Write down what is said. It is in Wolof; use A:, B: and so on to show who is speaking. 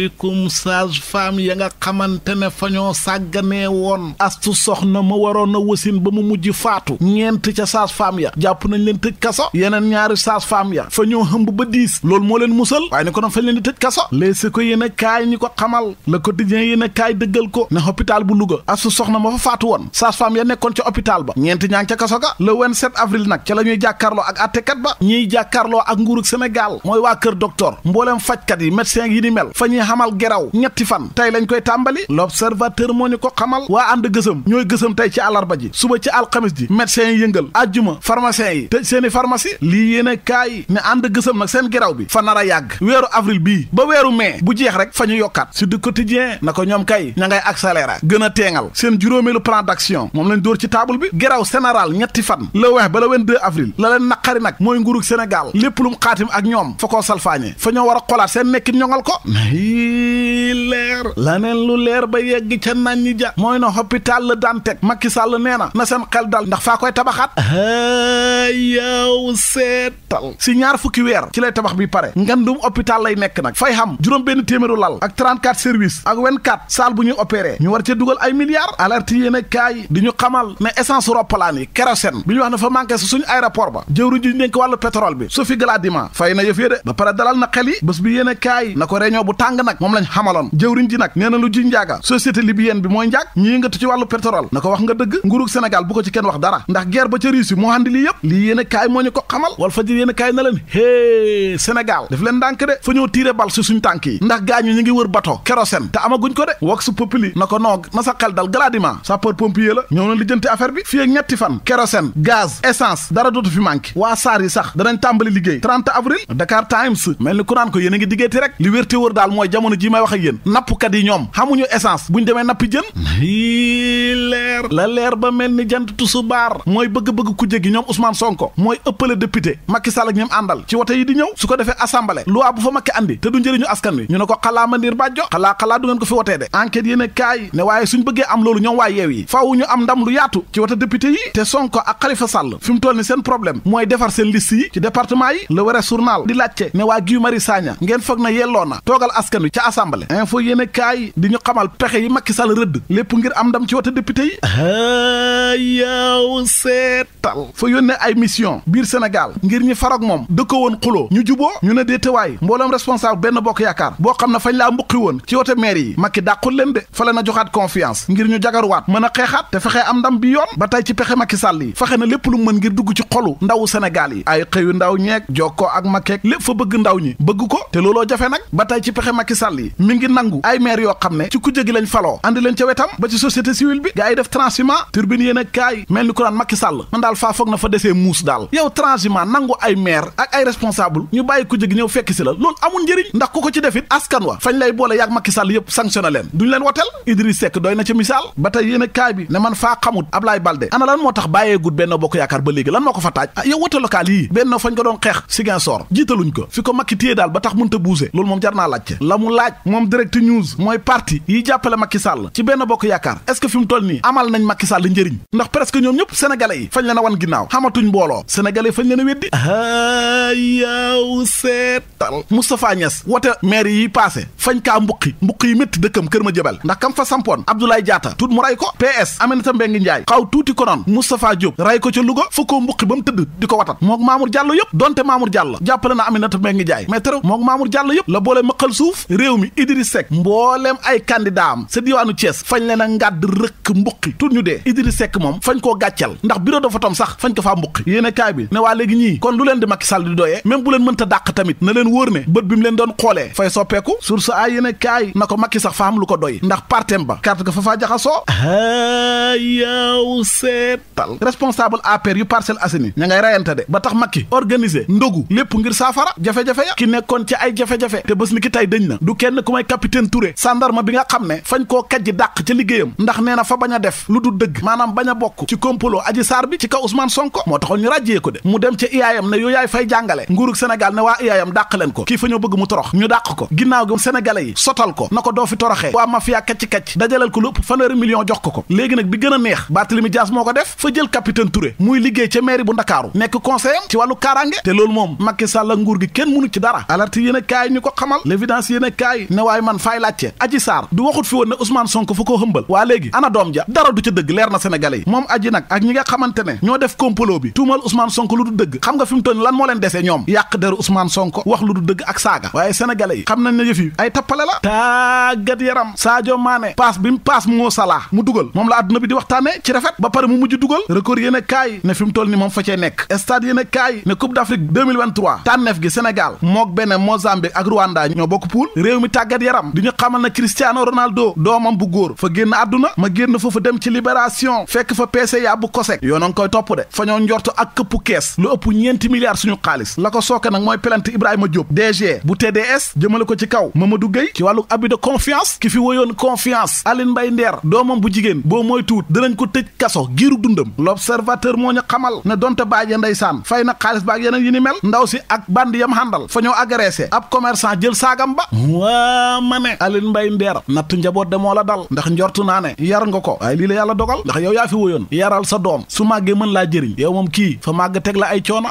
A: bikum sage femme ya nga xamante ne fa ñoo sàgganee woon astu soxna ma waroon a wasin ba mu mujj faatu ñeent ca sage femme ya jàpp nañ leen tëj kaso yeneen ñaari sage femme ya fa ñoo hëmb ba diis loolu moo leen musal waaye ne ko noon fañ leen di tëj kaso les ko yéen kaay ñi ko xamal le quotidien yéen a kaay dëggal ko ne hôpital bu Louga astu soxna ma fa faatu woon sage femme ya nekkoon ca hôpital ba ñeent ñaa ngi ca kaso ga le 27 avril nag ca la ñuy jàkkaarloo ak xamal geraw ñetti fan tey lañ koy tàmbali l'observateur moo ñu ko xamal waa ànd gësëm ñooy gësëm tey ci àllarba ji suba ci alxamis ji médecins yi yëngal ajjuma pharmaciens yi tëj seeni pharmacie lii yéen a kaay ne ànd gësëm nag seen geraw bi fa nar a yàgg weeru avril bii ba weeru mai bu jeex rek fa ñu yokkaat si du quotidien na ko ñoom kay ña ngay accéléré gën a teengal seen juróomeelu plan d'action moom lañ dóor ci table bi geraw général ñetti fan la weex ba la 22 avril la leen naqari nag mooy nguurug Sénégal lépp lu mu xaatim ak ñoom fa koo salfaañe fa ñoo war a xolaat seen nekkin ñoŋal ko leer laneen lu leer ba yegg ca nañ ñi ja mooy na hôpital Le Dantec Macky Sall nee na na seen xel dal ndax faa koy tabaxaat yaw seetal si ñaar fukki weer ci lay tabax bi pare ngandum hôpital lay nekk nag fay xam juróom benn téeméeru lal ak 34 service ak 24 salle bu ñuy opéré ñu war cee dugal ay milliards alerte yéen kaay di ñu xamal ne essence roppalaan yi kérosène bi ñu wax ne fa manqué su suñu aéroport ba jëwru ji nekk wàllu pétrole bi su fi Galadima fay ba pare dalal na xel yi bi yéen nag moom lañ xamaloon jëwriñ ji nag nee na lu ji njaaga société libyenne bi mooy njaag ñii ngatu ci wàllu pétrole na ko wax nga dëgg nguurug Sénégal bu ko ci kenn wax dara ndax guerre ba ca Russie moo àndi lii lii yéen a kaay moo ñu ko xamal wal fa ji yéen na leen hé Sénégal daf leen ndànk de fa ñoo tiire bal si suñ tànk yi ndax gaañu ñu ngi wër bato kérosène te amaguñ ko de wax su populi na ko noo na sa xel dal gladiment sapeur pompier a ngi diggéey rek li wérte wër daal jamono ji may wax ak yéen nappkat yi ñoom xamuñu essence bu ñu demee nappi jën leer la leer ba mel ni jant tusubaar mooy bëgg-bëgg ku jéggi ñoom Ousmane Sonko mooy ëppale député Macky Sall ak àndal ci wote yi di ñëw su ko defee assemblée loi fa Macky andi te du njëriñu askan ñu ne ko xalaa mandir bàjjo xalaa xalaa du ngeen ko fi wotee de enquête yéen kaay ne waaye suñ bëggee am loolu ñoom waa yeew yi faaw am ndam lu yaatu ci wote député yi ca ca assemblée info yéene kaay di ñu xamal pexe yi Macky Sall rëdd lépp ngir am ndam ci wote député yi a yaaw seetal fa yónnee ay mission biir Sénégal ngir ñi farok moom dëkkoo woon xuloo ñu juboo ñu ne déetewaay mbooloom responsable benn bokk yaakaar boo xam ne fañ laa mbuqi woon ci wote maire yi Macky dàqul leen de fa la na joxaat confiance ngir ñu jagaruwaat mën a xeexaat te fexe am ndam bi yoon ba tey ci pexe Macky Sall yi fexe na lépp lu mën ngir dugg ci xolu ndawu Sénégal yi ay xëyu ndaw ñeeg jokkoo ak Macky lépp fa bëgg ndaw ñi bëgg ko Sall mi ngi nangu ay maire yoo xam ne ci kujje gi lañ faloo andi ca wetam ba ci société civile bi gaa yi def transhumant turbine yéen kaay mel ni ko naan Macky Sall man daal faa foog na fa desee muus daal yow transhumant nangu ay maire ak ay responsable ñu bàyyi kujje gi ñëw fekk si la loolu amul njëriñ ndax ku ko ci defit askan wa fañ lay boole yaag Macky Sall yëpp sanctionné leen duñ leen woteel Idriss Seck doy na ci misaal ba tey yéen kaay bi ne mu laaj moom direct news mooy parti yi jàppale Macky Sall ci benn bokk yaakaar est-ce que toll nii amal nañ Macky Sall njëriñ ndax presque ñoom ñëpp sénégalais yi fañ leen a wan ginnaaw xamatuñ mbooloo sénégalais yi fañ leen a weddi a ah, yaaw seetal Moustapha Niass wote maire yi passé fañ kaa mbuqi mbuqi yi métti dëkkam kër ma jëbal ndax kam fa sampoon Abdoulaye Diatta tuut mu ray ko PS Aminata Mbengue Ndiaye xaw tuuti konoon Moustapha Diop ray ko ca Louga fa koo ba mu tëdd di ko watat mook Mamour Diallo yëpp donte Mamour Diallo jàppale na Aminata Mbengue Ndiaye mais terew mook Mamour Diallo yëpp la boole mëqal suuf réew mi Idriss Seck mbooleem ay candidat am sa diwaanu Thiès fañ leen a ngàdd rëkk mbuqi tut ñu dee Idriss sekk moom fañ koo gàccal ndax bureau de votam sax fañ ko faa mbuqi yéene bi ne waa léegi ñii kon lu leen di Macky sal di doyee même bu leen mënta dàq tamit na leen wóor ne bët bi mu leen doon xoolee fay soppeeku sur sa ay yéene kaay na ko Macky sax fa am lu ko doy ndax partem ba carte ga fa faa jaxasoo ayaw ah, seetal responsable APR yu Parcelles Assainies ña ngay rayante de ba tax Macky organiser ndogu lépp ngir saafara jafe-jafe ki nekkoon ci ay jafe-jafe te ki tey dëñ na du kenn ku may capitaine Touré sandarma bi nga xam ne fañ koo kajji dàq ca liggéeyam ndax nee na fa bañ a def lu du dëgg maanaam bañ a bokk ci complot Adji Sarr bi ci kaw Ousmane Sonko moo taxoon ñu ràjjee ko de mu dem ca IAM ne yooyu yaay fay jàngale nguurug Sénégal ne waa IAM dàq leen ko kii fa ñoo bëgg mu torox ñu dàq ko ginnaaw gi sénégalais yi sotal ko na ko doo fi toroxee waa mafia kacc-kacc dajaleel ko lu ëpp fanweeri million jox ko ko léegi nag bi a neex Barthélemy Dias moo ko def fa jël liggéey ca mairie bu Ndakaaru nekk conseiller am ci wàllu kaaraange te loolu a kaay ne waay man faay laajte aji saar du waxut fi woon ne Ousmane Sonko fa hëmbal waa léegi ana doom ja dara du ca dëgg leer na sénégalais yi moom aji nag ak ñi nga xamante ne ñoo def complot bi tuumal Ousmane Sonko lu du dëgg xam nga fi mu toll lan moo leen desee ñoom yàq deru Ousmane Sonko wax lu du dëgg ak saaga waaye sénégalais yi xam nañ ne yëf yi ay tappale la tàggat yaram Sadio Mané paas bi mu paas moo salaa mu dugal moom la adduna bi di waxtaane ci rafet ba pare mu mujj dugal record yéene kaay ne mu toll ni moom fa cee nekk stade yéene kaay ne Coupe d'Afrique 2023 tànneef gi Sénégal mook Bénin ñoo bokk poule réew mi tàggat yaram di ñu xamal na Cristiano Ronaldo doomam bu góor fa génn àdduna ma génn foofa dem ci libération fekk fa PCA bu COSEC yoo ngi koy topp de fa ñoo njortu ak këpp kees lu ëpp ñeenti milliards suñu xaalis la ko sooke nag mooy plainte Ibrahima Diop DG bu TDS jëmale ko ci kaw Mamadou Gueye ci wàllu abus de confiance ki fi woyoon confiance Aline Mbaye Nder doomam bu jigéen boo mooy tuut ko tëj kaso giiru dundam l'observateur moo ñu xamal ne donte baaje ndeysaan fay na xaalis baak yeneen yi ni ndaw si ak bandi yam xàndal fa ñoo agressé commerçant jël saagam ba waa ma ne Alioune Mbaye Nder nattu njaboot de la dal ndax njortu naa ne yar nga ko ay lii la yàlla dogal ndax yow yaa fi yaral sa doom su màggee mën laa jëriñ yow moom kii fa màgg teg la ay coona